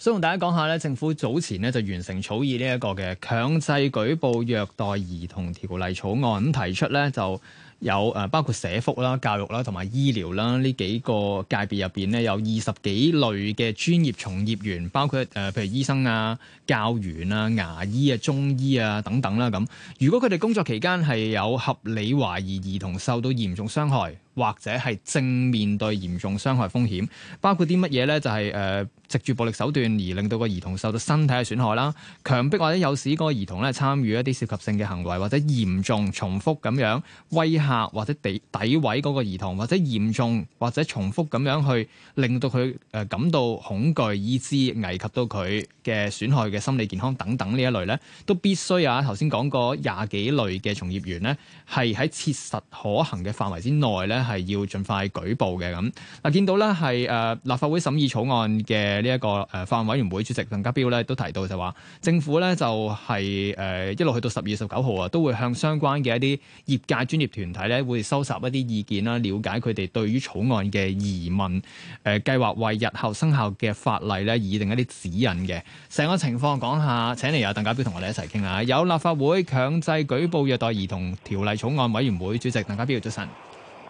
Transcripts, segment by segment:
想同大家講下咧，政府早前咧就完成草擬呢一個嘅強制舉報虐待兒童條例草案，咁提出咧就。有誒，包括社福啦、教育啦，同埋醫療啦呢幾個界別入邊呢，有二十幾類嘅專業從業員，包括誒，譬如醫生啊、教員啊、牙醫啊、中醫啊等等啦咁。如果佢哋工作期間係有合理懷疑兒童受到嚴重傷害，或者係正面對嚴重傷害風險，包括啲乜嘢呢？就係誒，藉住暴力手段而令到個兒童受到身體嘅損害啦，強迫或者有使個兒童咧參與一啲涉及性嘅行為，或者嚴重重複咁樣威嚇。或者詆毀嗰個兒童，或者嚴重或者重複咁樣去令到佢誒感到恐懼，以致危及到佢嘅損害嘅心理健康等等呢一類咧，都必須啊頭先講過廿幾類嘅從業員咧，係喺切實可行嘅範圍之內咧，係要盡快舉報嘅咁。嗱，見到咧係誒立法會審議草案嘅呢一個誒、呃、法案委員會主席鄧家彪咧，都提到就話政府咧就係、是、誒、呃、一路去到十二月十九號啊，都會向相關嘅一啲業界專業團體。係咧，會收集一啲意見啦，了解佢哋對於草案嘅疑問。誒、呃，計劃為日後生效嘅法例咧，擬定一啲指引嘅成個情況講下，請嚟阿鄧家彪同我哋一齊傾下。有立法會強制舉報虐待兒童條例草案委員會主席鄧家彪，早晨。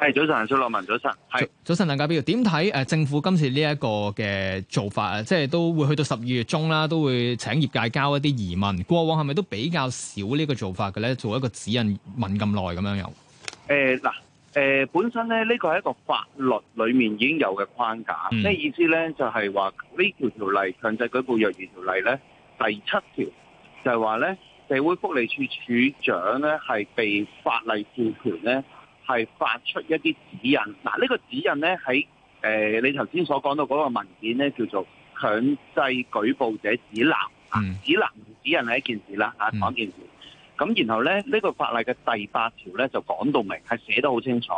係早晨，蘇洛文，早晨。係早，早，早晨，鄧家彪，點睇誒？政府今次呢一個嘅做法，即係都會去到十二月中啦，都會請業界交一啲疑問。過往係咪都比較少呢個做法嘅咧？做一個指引問咁耐咁樣又？誒、呃、嗱、呃，本身咧，呢、這個係一個法律裏面已經有嘅框架，咩、嗯、意思咧？就係話呢條條例強制舉報虐兒條、條例咧第七條就係話咧，社會福利署署長咧係被法例賦權咧，係發出一啲指引。嗱，呢個指引咧喺誒你頭先所講到嗰個文件咧，叫做強制舉報者指南啊、嗯，指南同指引係一件事啦，啊，講件事。嗯嗯咁然後咧，呢、這個法例嘅第八條咧就講到明，係寫得好清楚，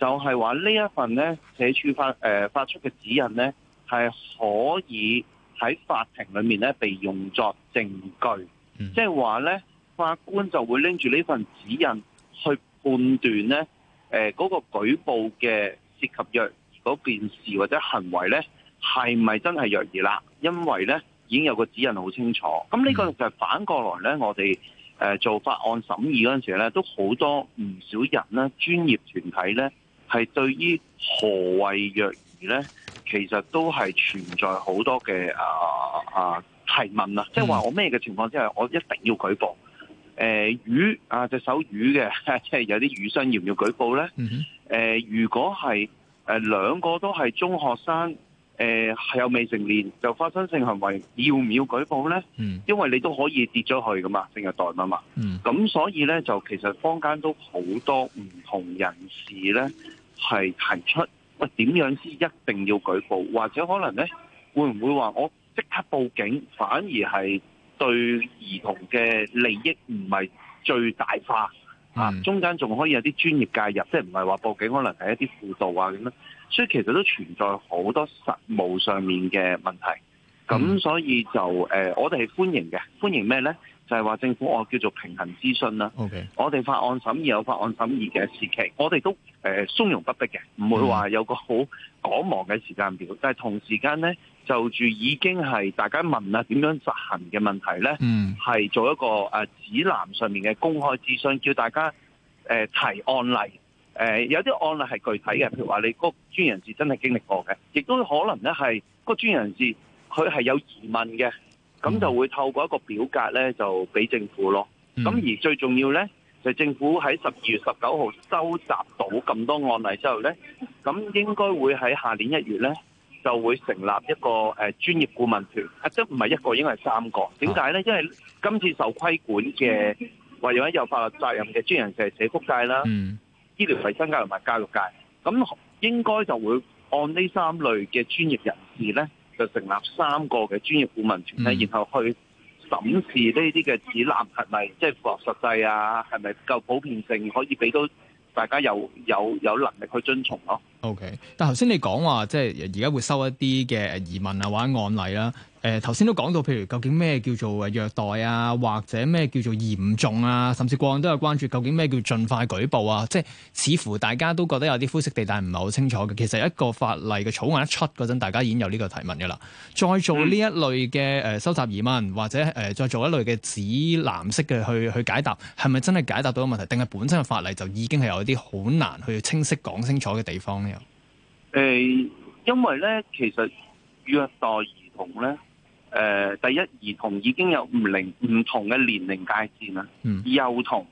就係、是、話呢一份咧社署發誒、呃、發出嘅指引咧，係可以喺法庭裏面咧被用作證據，即係話咧法官就會拎住呢份指引去判斷咧誒嗰個舉報嘅涉及虐兒嗰件事或者行為咧係咪真係虐兒啦？因為咧已經有個指引好清楚，咁呢個就係反過來咧，我哋。誒做法案審議嗰陣時咧，都好多唔少人咧，專業團體咧，係對於何謂虐兒咧，其實都係存在好多嘅啊啊提問啊，即係話我咩嘅情況之下，我一定要舉報？誒、呃、魚啊隻手魚嘅，即 係有啲魚生要唔要舉報咧？誒、mm -hmm. 呃、如果係誒、呃、兩個都係中學生。誒、呃，係又未成年就發生性行為，要唔要舉報咧？嗯、mm.，因為你都可以跌咗去㗎嘛，性虐待嘛嘛，嗯，咁所以咧就其實坊間都好多唔同人士咧係提出，喂、哎，點樣先一定要舉報，或者可能咧會唔會話我即刻報警，反而係對兒童嘅利益唔係最大化？啊、mm.！中間仲可以有啲專業介入，即係唔係話報警，可能係一啲輔導啊咁樣，所以其實都存在好多實務上面嘅問題，咁所以就誒，我哋係歡迎嘅，歡迎咩咧？就係、是、話政府我叫做平衡諮詢啦。Okay. 我哋法案審議有法案審議嘅時期，我哋都誒鬆、呃、容不迫嘅，唔會話有個好趕忙嘅時間表。Mm. 但係同時間咧，就住已經係大家問啊點樣執行嘅問題咧，係、mm. 做一個誒、呃、指南上面嘅公開諮詢，叫大家誒、呃、提案例。誒、呃、有啲案例係具體嘅，譬如話你個專業人士真係經歷過嘅，亦都可能咧係個專業人士佢係有疑問嘅。咁就會透過一個表格咧，就俾政府咯。咁而最重要咧，就政府喺十二月十九號收集到咁多案例之後咧，咁應該會喺下年一月咧，就會成立一個誒專業顧問團。啊，即係唔係一個，應該係三個。點解咧？因為今次受規管嘅，或者有法律責任嘅專業就係社福界啦，醫療衞生界同埋教育界。咁應該就會按呢三類嘅專業人士咧。就成立三個嘅專業顧問團咧，然後去審視呢啲嘅指南係咪即係符合實際啊？係咪夠普遍性，可以俾到大家有有有能力去遵從咯，啊？O.K. 但頭先你講話即係而家會收一啲嘅疑問啊，或者案例啦。誒頭先都講到，譬如究竟咩叫做虐待啊，或者咩叫做嚴重啊，甚至過往都有關注，究竟咩叫盡快舉報啊？即係似乎大家都覺得有啲灰色地帶，唔係好清楚嘅。其實一個法例嘅草案一出嗰陣，大家已經有呢個提問嘅啦。再做呢一類嘅誒、呃、收集疑問，或者誒、呃、再做一類嘅指南式嘅去去解答，係咪真係解答到問題？定係本身嘅法例就已經係有啲好難去清晰講清楚嘅地方咧？誒，因為咧，其實虐待兒童咧，誒，第一，兒童已經有唔零唔同嘅年齡界線啦，幼童、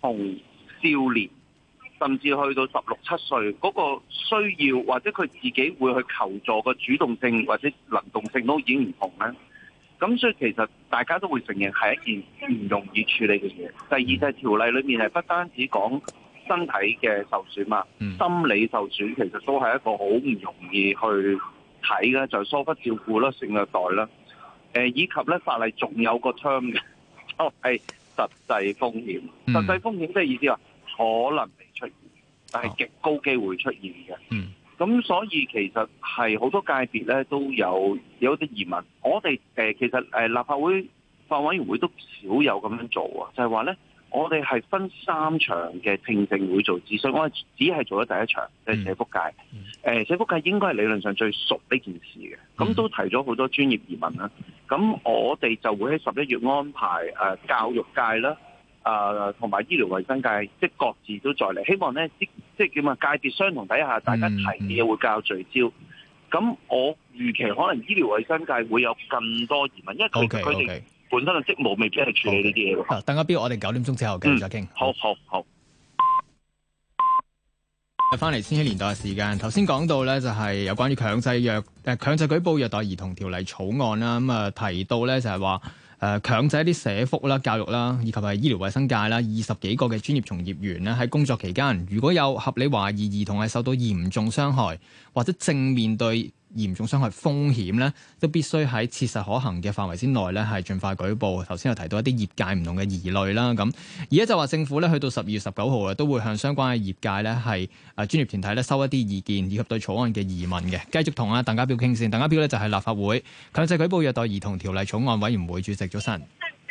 同少年，甚至去到十六七歲，嗰個需要或者佢自己會去求助嘅主動性或者能動性都已經唔同啦。咁所以其實大家都會承認係一件唔容易處理嘅嘢。第二就係條例裏面係不單止講。身體嘅受損啊、嗯，心理受損其實都係一個好唔容易去睇嘅，就是、疏忽照顧啦、性虐待啦，誒、呃、以及咧法例仲有一個 term 嘅，哦係實際風險。實、嗯、際風險即係意思話可能未出現，哦、但係極高機會出現嘅。咁、嗯、所以其實係好多界別咧都有有啲疑問。我哋誒、呃、其實誒立法會法委員會都少有咁樣做啊，就係話咧。我哋係分三場嘅聽證會做諮詢，我只係做咗第一場，即係社福界。誒、呃，社福界應該係理論上最熟呢件事嘅，咁都提咗好多專業疑問啦。咁我哋就會喺十一月安排誒、呃、教育界啦，啊、呃，同埋醫療衛生界，即各自都再嚟。希望呢，即叫咩界別相同底下，大家提嘅嘢會較聚焦。咁我預期可能醫療衛生界會有更多疑問，因為佢哋。Okay, okay. 本身嘅職務未必係處理呢啲嘢，等阿標，我哋九點鐘之後繼續再傾，嗯。好好好。翻嚟先，一年代嘅時間。頭先講到咧，就係有關於強制約，誒、呃、強制舉報虐待兒童條例草案啦。咁、嗯、啊，提到咧就係話，誒、呃、強制一啲社福啦、教育啦，以及係醫療衛生界啦，二十幾個嘅專業從業員咧，喺工作期間如果有合理懷疑兒童係受到嚴重傷害，或者正面對。嚴重傷害風險咧，都必須喺切實可行嘅範圍之內咧，係盡快舉報。頭先又提到一啲業界唔同嘅疑慮啦，咁而家就話政府咧，去到十二月十九號啊，都會向相關嘅業界咧，係誒、啊、專業團體咧收一啲意見，以及對草案嘅疑問嘅，繼續同阿鄧家彪傾先。鄧家彪咧就係、是、立法會強制舉報虐待兒童條例草案委員會主席。早晨，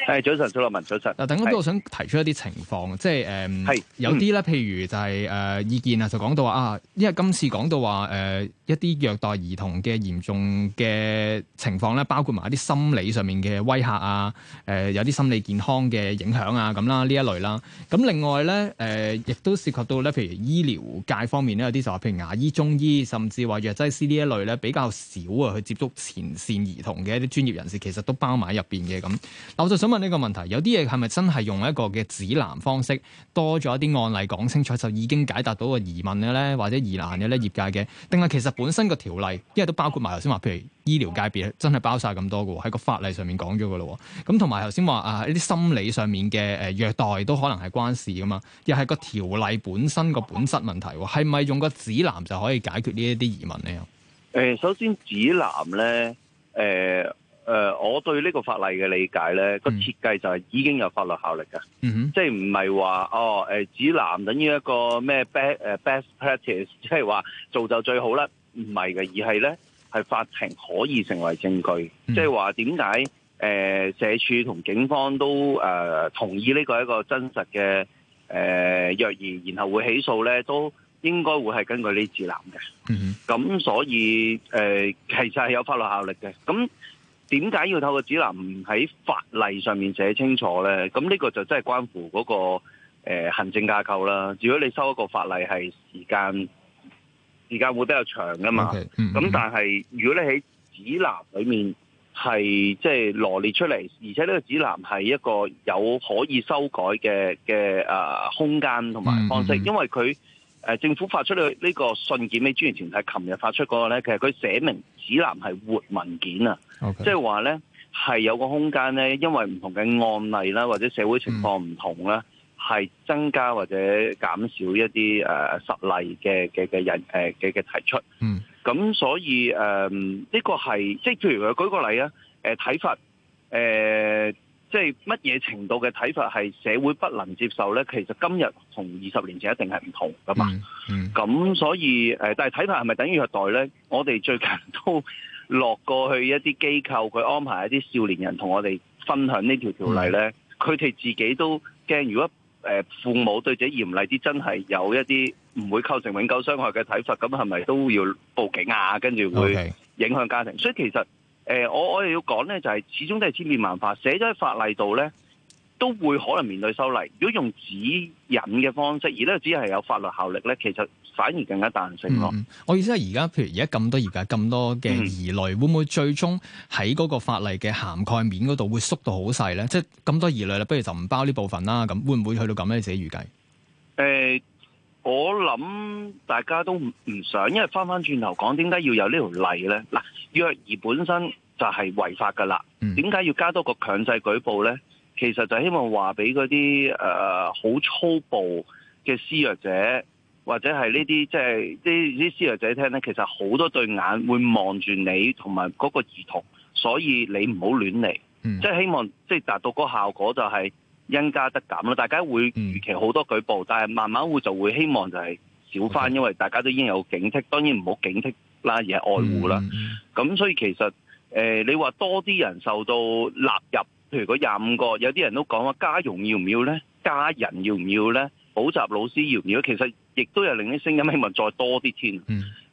誒，早晨，蔡樂文，早晨。嗱，鄧家彪，我想提出一啲情況，即係誒、呃，有啲咧，譬如就係、是、誒、呃、意見就到啊，就講到話啊，因為今次講到話誒。呃一啲虐待兒童嘅嚴重嘅情況咧，包括埋一啲心理上面嘅威嚇啊，誒、呃，有啲心理健康嘅影響啊，咁啦呢一類啦。咁另外咧，誒、呃，亦都涉及到咧，譬如醫療界方面咧，有啲就話，譬如牙醫、中醫，甚至話藥劑師呢一類咧，比較少啊去接觸前線兒童嘅一啲專業人士，其實都包埋喺入邊嘅咁。嗱，我就想問呢個問題，有啲嘢係咪真係用一個嘅指南方式，多咗一啲案例講清楚，就已經解答到個疑問嘅咧，或者疑難嘅咧，業界嘅，定係其實？本身個條例，因為都包括埋頭先話，譬如醫療界別真係包晒咁多嘅喎，喺個法例上面講咗嘅咯。咁同埋頭先話啊，呢啲心理上面嘅誒虐待都可能係關係關事嘅嘛，又係個條例本身個本質問題，係咪用個指南就可以解決呢一啲疑問咧？誒，首先指南咧，誒、呃、誒、呃，我對呢個法例嘅理解咧，個、嗯、設計就係已經有法律效力嘅、嗯，即係唔係話哦誒指南等於一個咩 best 誒 best practice，即係話做就最好啦。唔係嘅，而係咧係法庭可以成為證據，即係話點解誒社署同警方都誒、呃、同意呢個一個真實嘅誒虐兒，然後會起訴咧，都應該會係根據呢指南嘅。咁、mm -hmm. 所以誒、呃、其實係有法律效力嘅。咁點解要透過指南喺法例上面寫清楚咧？咁呢個就真係關乎嗰、嗰個誒、呃、行政架構啦。如果你收一個法例係時間。時間會比較長㗎嘛，咁、okay. mm -hmm. 但係如果你喺指南裏面係即係羅列出嚟，而且呢個指南係一個有可以修改嘅嘅誒空間同埋方式，mm -hmm. 因為佢誒、呃、政府發出去呢個信件俾專業團體，琴日發出嗰個咧，其實佢寫明指南係活文件啊，即係話咧係有個空間咧，因為唔同嘅案例啦或者社會情況唔同啦。Mm -hmm. 係增加或者減少一啲誒實例嘅嘅嘅人嘅嘅、呃、提出，咁、嗯、所以誒呢、呃這個係即係譬如佢舉個例啊，體、呃、罰誒即乜嘢程度嘅體罰係社會不能接受咧？其實今日同二十年前一定係唔同噶嘛。咁、嗯嗯、所以誒、呃，但係體罰係咪等於虐待咧？我哋最近都落過去一啲機構，佢安排一啲少年人同我哋分享條條呢條條例咧，佢、嗯、哋自己都驚，如果父母對自己嚴厲啲，真係有一啲唔會構成永久傷害嘅睇法，咁係咪都要報警啊？跟住會影響家庭，Okay. 所以其實、呃、我我哋要講呢，就係、是、始終都係千變萬化，寫咗喺法例度呢，都會可能面對修例。如果用指引嘅方式，而呢，只係有法律效力呢，其實。反而更加彈性咯、嗯。我意思係而家，譬如而家咁多業界咁多嘅疑慮，會唔會最終喺嗰個法例嘅涵蓋面嗰度會縮到好細咧？即係咁多疑慮啦，不如就唔包呢部分啦。咁會唔會去到咁咧？你自己預計？欸、我諗大家都唔想，因為翻翻轉頭講，點解要有呢條例咧？嗱，虐兒本身就係違法噶啦，點、嗯、解要加多個強制舉報咧？其實就希望話俾嗰啲誒好粗暴嘅施虐者。或者係、就是、呢啲即係啲啲師奶仔聽咧，其實好多對眼會望住你同埋嗰個兒童，所以你唔好亂嚟，即、嗯、係、就是、希望即係、就是、達到個效果就是，就係因加得減。大家會預期好多舉報，但係慢慢會就會希望就係少翻，okay. 因為大家都已經有警惕。當然唔好警惕啦，而係愛護啦。咁、嗯、所以其實誒、呃，你話多啲人受到納入，譬如如廿五個，有啲人都講話家傭要唔要咧，家人要唔要咧，補習老師要唔要？其實。亦都有另一聲音，希望再多啲添。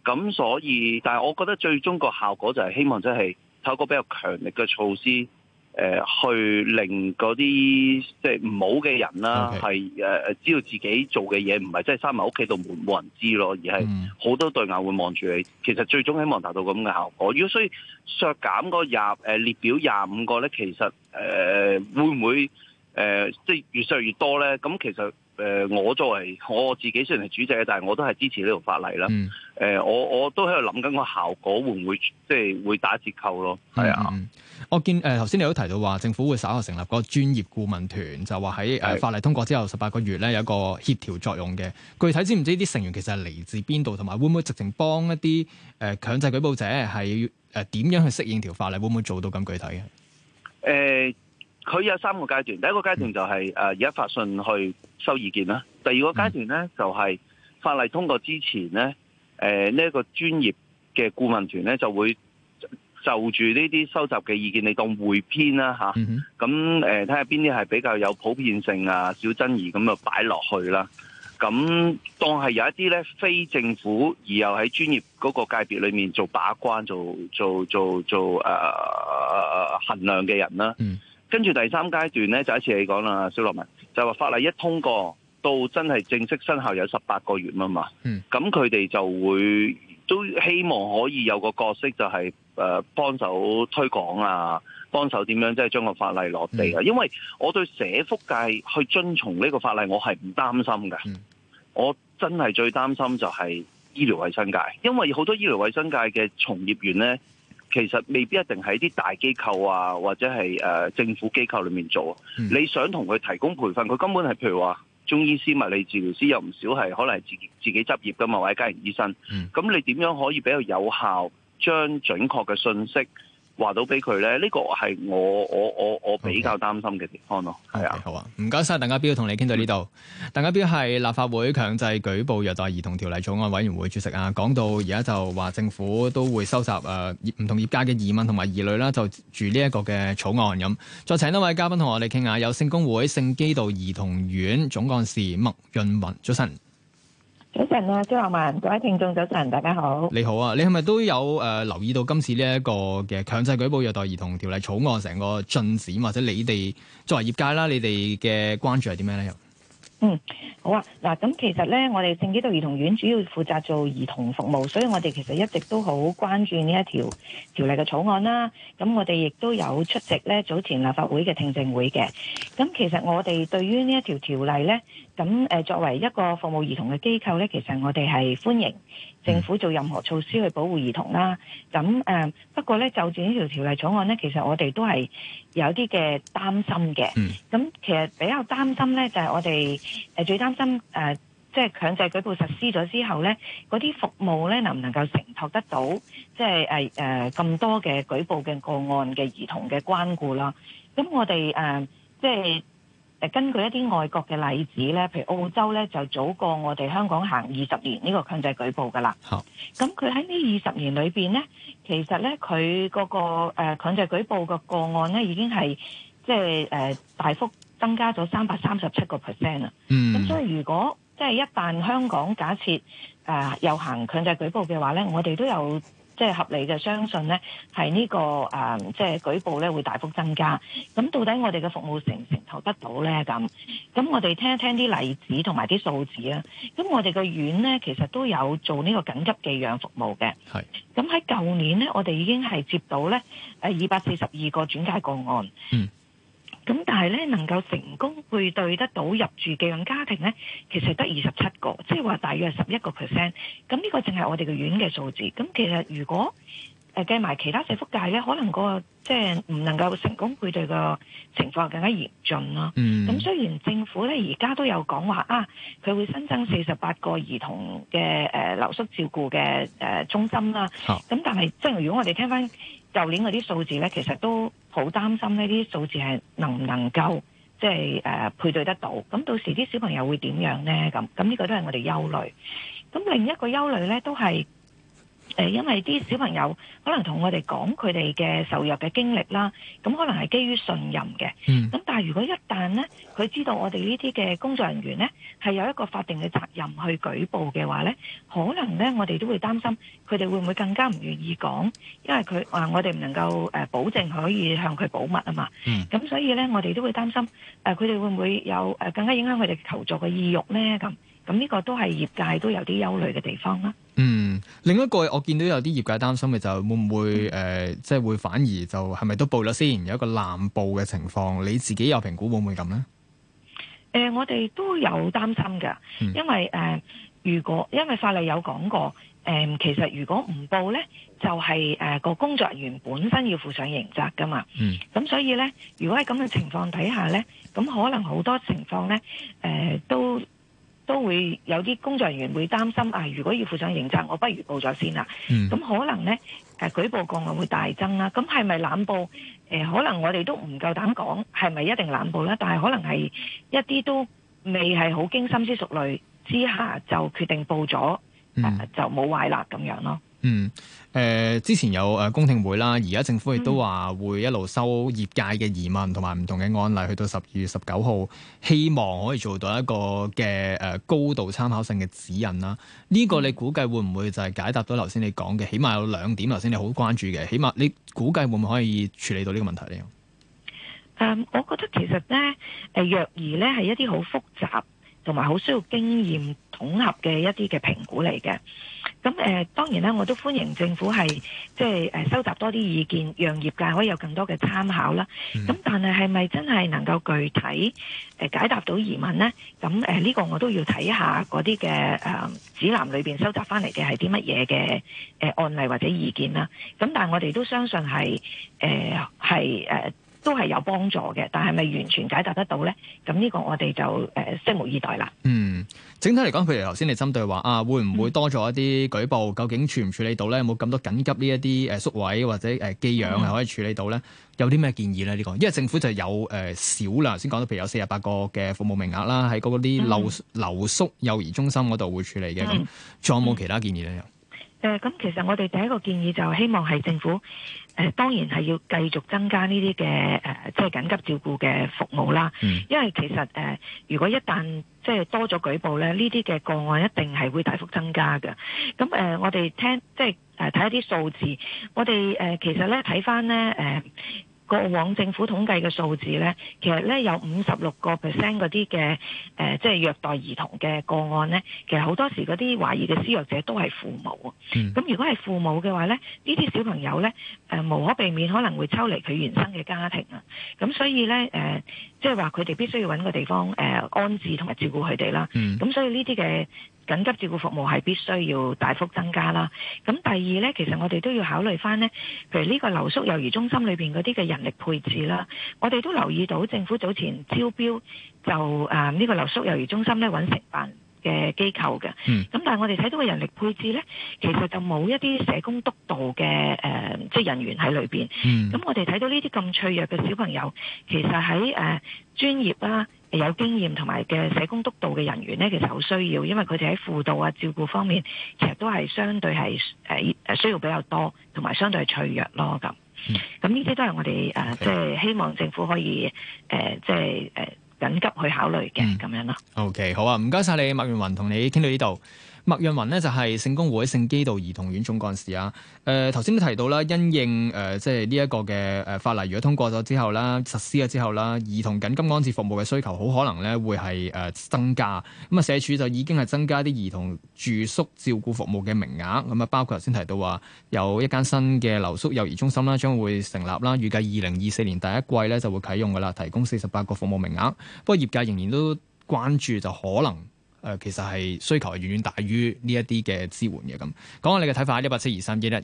咁、嗯、所以，但係我覺得最終個效果就係希望即係透過比較強力嘅措施，呃、去令嗰啲即係唔好嘅人啦，係、okay. 誒、呃、知道自己做嘅嘢唔係真係閂埋屋企度，冇冇人知咯，而係好多對眼會望住你。其實最終希望達到咁嘅效果。如果所以削減個廿列表廿五個咧，其實誒、呃、會唔會誒即係越削越，越多咧？咁其實。誒、呃，我作為我自己雖然係主席，但係我都係支持呢條法例啦。誒、嗯、呃，我我都喺度諗緊個效果會唔會即係會打折扣咯？係、嗯、啊，我見誒頭先你都提到話政府會稍後成立個專業顧問團，就話喺誒法例通過之後十八個月咧有一個協調作用嘅。具體知唔知啲成員其實係嚟自邊度，同埋會唔會直情幫一啲誒、呃、強制舉報者係誒點樣去適應這條法例？會唔會做到咁具體嘅？誒、呃。佢有三個階段，第一個階段就係誒而家發信去收意見啦。第二個階段咧就係法例通過之前咧，誒呢一個專業嘅顧問團咧就會就住呢啲收集嘅意見嚟當回編啦吓，咁誒睇下邊啲係比較有普遍性啊，小爭議咁就擺落去啦。咁當係有一啲咧非政府而又喺專業嗰個界別裏面做把關、做做做做誒、啊啊、衡量嘅人啦。Mm-hmm. 跟住第三階段咧，就一次你講啦，小羅文就話法例一通過到真係正式生效有十八個月嘛嘛，咁佢哋就會都希望可以有個角色、就係，就係誒幫手推廣啊，幫手點樣即係將個法例落地啊、嗯。因為我對社福界去遵從呢個法例，我係唔擔心㗎、嗯。我真係最擔心就係醫療衛生界，因為好多醫療衛生界嘅從業員咧。其實未必一定喺啲大機構啊，或者係、呃、政府機構裏面做。嗯、你想同佢提供培訓，佢根本係譬如話中醫師、物理治療師又不，又唔少係可能係自自己執業噶嘛，或者家庭醫生。咁、嗯、你點樣可以比較有效將準確嘅信息話到俾佢咧，呢個係我我我我比較擔心嘅地方咯。係、okay. 啊，okay, 好啊，唔該晒鄧家彪，同你傾到呢度。鄧家彪係立法會強制舉報虐待兒童條例草案委員會主席啊，講到而家就話政府都會收集誒唔同業界嘅疑問同埋疑慮啦，就住呢一個嘅草案咁。再請一位嘉賓同我哋傾下，有聖公會聖基道兒童院總幹事麥潤芸早晨。早晨啊，朱耀文，各位聽眾早晨，大家好。你好啊，你係咪都有誒留意到今次呢一個嘅強制舉報虐待兒童條例草案成個進展？或者你哋作為業界啦，你哋嘅關注係點樣咧？嗯，好啊，嗱，咁其實呢，我哋聖基道兒童院主要負責做兒童服務，所以我哋其實一直都好關注呢一條條例嘅草案啦。咁我哋亦都有出席呢早前立法會嘅聽證會嘅。咁其實我哋對於呢一條條例呢，咁誒作為一個服務兒童嘅機構呢，其實我哋係歡迎。Mm -hmm. 政府做任何措施去保護兒童啦，咁誒不過咧，就住呢條條例草案咧，其實我哋都係有啲嘅擔心嘅。咁、mm -hmm. 其實比較擔心咧，就係、是、我哋誒最擔心誒，即係強制舉報實施咗之後咧，嗰啲服務咧能唔能夠承托得到，即係誒誒咁多嘅舉報嘅個案嘅兒童嘅關顧啦。咁我哋誒即係。呃就是根據一啲外國嘅例子咧，譬如澳洲咧就早過我哋香港行二十年呢、呢個強制舉報噶啦。好。咁佢喺呢二十年裏面咧，其實咧佢嗰個、呃、強制舉報嘅個案咧已經係即係大幅增加咗三百三十七個 percent 啦。嗯，咁所以如果即係、就是、一旦香港假設誒、呃、又行強制舉報嘅話咧，我哋都有。即、就、係、是、合理嘅，相信呢係呢、呢個誒，即、呃、係、就是、舉報呢會大幅增加。咁到底我哋嘅服務承唔承受得到呢？咁咁我哋聽一聽啲例子同埋啲數字啊。咁我哋個院呢，其實都有做呢個緊急寄養服務嘅。係。咁喺舊年呢，我哋已經係接到呢誒二百四十二個轉介個案。嗯。咁但係咧，能夠成功配對得到入住寄養家庭咧，其實得二十七個，即係話大約十一個 percent。咁呢個淨係我哋嘅院嘅數字。咁其實如果誒、呃、計埋其他社福界咧，可能個即係唔能夠成功配對嘅情況更加嚴峻啦、啊。咁、mm. 雖然政府咧而家都有講話啊，佢會新增四十八個兒童嘅誒留宿照顧嘅、呃、中心啦。咁、oh. 但係即係如果我哋聽翻。舊年嗰啲數字咧，其實都好擔心呢啲數字係能唔能夠即係、誒、配對得到，咁到時啲小朋友會點樣咧？咁咁呢個都係我哋憂慮。咁另一個憂慮咧，都係。誒，因為啲小朋友可能同我哋講佢哋嘅受虐嘅經歷啦，咁可能係基於信任嘅。咁、嗯、但係如果一旦呢，佢知道我哋呢啲嘅工作人員呢係有一個法定嘅責任去舉報嘅話呢，可能呢，我哋都會擔心佢哋會唔會更加唔願意講，因為佢話、呃、我哋唔能夠、呃、保證可以向佢保密啊嘛。咁、嗯、所以呢，我哋都會擔心、呃、佢哋會唔會有、呃、更加影響佢哋求助嘅意欲呢。咁。咁呢個都係業界都有啲憂慮嘅地方啦。嗯，另一個我見到有啲業界擔心嘅就，會唔會誒，即係會反而就係咪都報咗先，有一個濫報嘅情況？你自己有評估會唔會咁呢？誒，我哋都有擔心㗎，因為誒，如果因為法例有講過，誒，其實如果唔報呢，就係誒個工作人員本身要負上刑責噶嘛。嗯。咁所以呢，如果喺咁嘅情況底下呢，咁可能好多情況呢，誒都。都會有啲工作人員會擔心，啊！如果要負上刑責，我不如報咗先啦。咁可能呢，誒舉報個案會大增啦。咁係咪濫報？誒，可能我哋都唔夠膽講係咪一定濫報啦。但係可能係一啲都未係好經深思熟慮之下就決定報咗，誒就冇壞啦咁樣咯。嗯，誒、呃，之前有誒、呃、公聽會啦，而家政府亦都話會一路收業界嘅疑問同埋唔同嘅案例，去到十二月十九號，希望可以做到一個嘅誒、呃、高度參考性嘅指引啦。呢、這個你估計會唔會就係解答到頭先你講嘅？起碼有兩點，頭先你好關注嘅，起碼你估計會唔會可以處理到呢個問題咧？誒、嗯，我覺得其實咧，誒，虐兒咧係一啲好複雜。同埋好需要經驗統合嘅一啲嘅評估嚟嘅，咁誒、呃、當然啦，我都歡迎政府係即係誒收集多啲意見，讓業界可以有更多嘅參考啦。咁、嗯、但係係咪真係能夠具體誒、呃、解答到疑問呢？咁誒呢個我都要睇下嗰啲嘅誒指南裏邊收集翻嚟嘅係啲乜嘢嘅誒案例或者意見啦。咁但係我哋都相信係誒係誒。呃都係有幫助嘅，但係咪完全解答得到咧？咁呢個我哋就誒拭目以待啦。嗯，整體嚟講，譬如頭先你針對話啊，會唔會多咗一啲舉報、嗯？究竟處唔處理到咧？有冇咁多緊急呢一啲誒宿位或者誒寄、呃、養係可以處理到咧、嗯？有啲咩建議咧？呢、呢個因為政府就有誒少量，先講到譬如有四十八個嘅服務名額啦，喺嗰啲留、嗯、留宿幼兒中心嗰度會處理嘅。咁、嗯、仲有冇其他建議咧？嗯嗯誒、呃，咁其實我哋第一個建議就希望係政府誒、呃，當然係要繼續增加呢啲嘅誒，即係緊急照顧嘅服務啦。嗯。因為其實誒、呃，如果一旦即係多咗舉報咧，呢啲嘅個案一定係會大幅增加嘅。咁、嗯、誒、呃，我哋聽即係誒睇一啲數字，我哋誒、呃、其實咧睇翻咧誒。過往政府統計嘅數字咧，其實咧有五十六個 percent 嗰啲嘅誒，即係、呃就是、虐待兒童嘅個案咧，其實好多時嗰啲懷疑嘅施虐者都係父母啊。咁、嗯、如果係父母嘅話咧，呢啲小朋友咧誒、呃，無可避免可能會抽離佢原生嘅家庭啊。咁所以咧誒，即係話佢哋必須要搵個地方誒、呃、安置同埋照顧佢哋啦。咁、嗯、所以呢啲嘅。緊急照顧服務係必須要大幅增加啦。咁第二呢，其實我哋都要考慮翻呢，譬如呢個留宿幼兒中心裏邊嗰啲嘅人力配置啦，我哋都留意到政府早前招標就誒呢、嗯呢個留宿幼兒中心呢揾承辦嘅機構嘅。咁、嗯、但係我哋睇到嘅人力配置呢，其實就冇一啲社工督導嘅誒即係人員喺裏邊。咁、嗯、我哋睇到呢啲咁脆弱嘅小朋友，其實喺誒、呃、專業啦、啊。有經驗同埋嘅社工督導嘅人員咧，其實好需要，因為佢哋喺輔導啊、照顧方面，其實都係相對係誒誒需要比較多，同埋相對係脆弱咯咁。咁呢啲都係我哋誒，即係希望政府可以誒，即係誒緊急去考慮嘅咁樣咯。OK，好啊，唔該晒你，麥潤芸，同你傾到呢度。麥潤芸就係、是、聖公會聖基道兒童院總幹事啊。誒頭先都提到啦，因應誒、呃、即係呢一個嘅法例如果通過咗之後啦，實施咗之後啦，兒童緊急安置服務嘅需求好可能咧會係、呃、增加。咁、嗯、啊社署就已經係增加啲兒童住宿照顧服務嘅名額。咁、嗯、啊包括頭先提到話有一間新嘅留宿幼兒中心啦、啊，將會成立啦，預計二零二四年第一季咧就會啟用噶啦，提供四十八個服務名額。不過業界仍然都關注就可能。誒、呃、其實係需求係遠遠大於呢一啲嘅支援嘅，咁，講下你嘅睇法一八七二三一一。1, 7, 2, 3,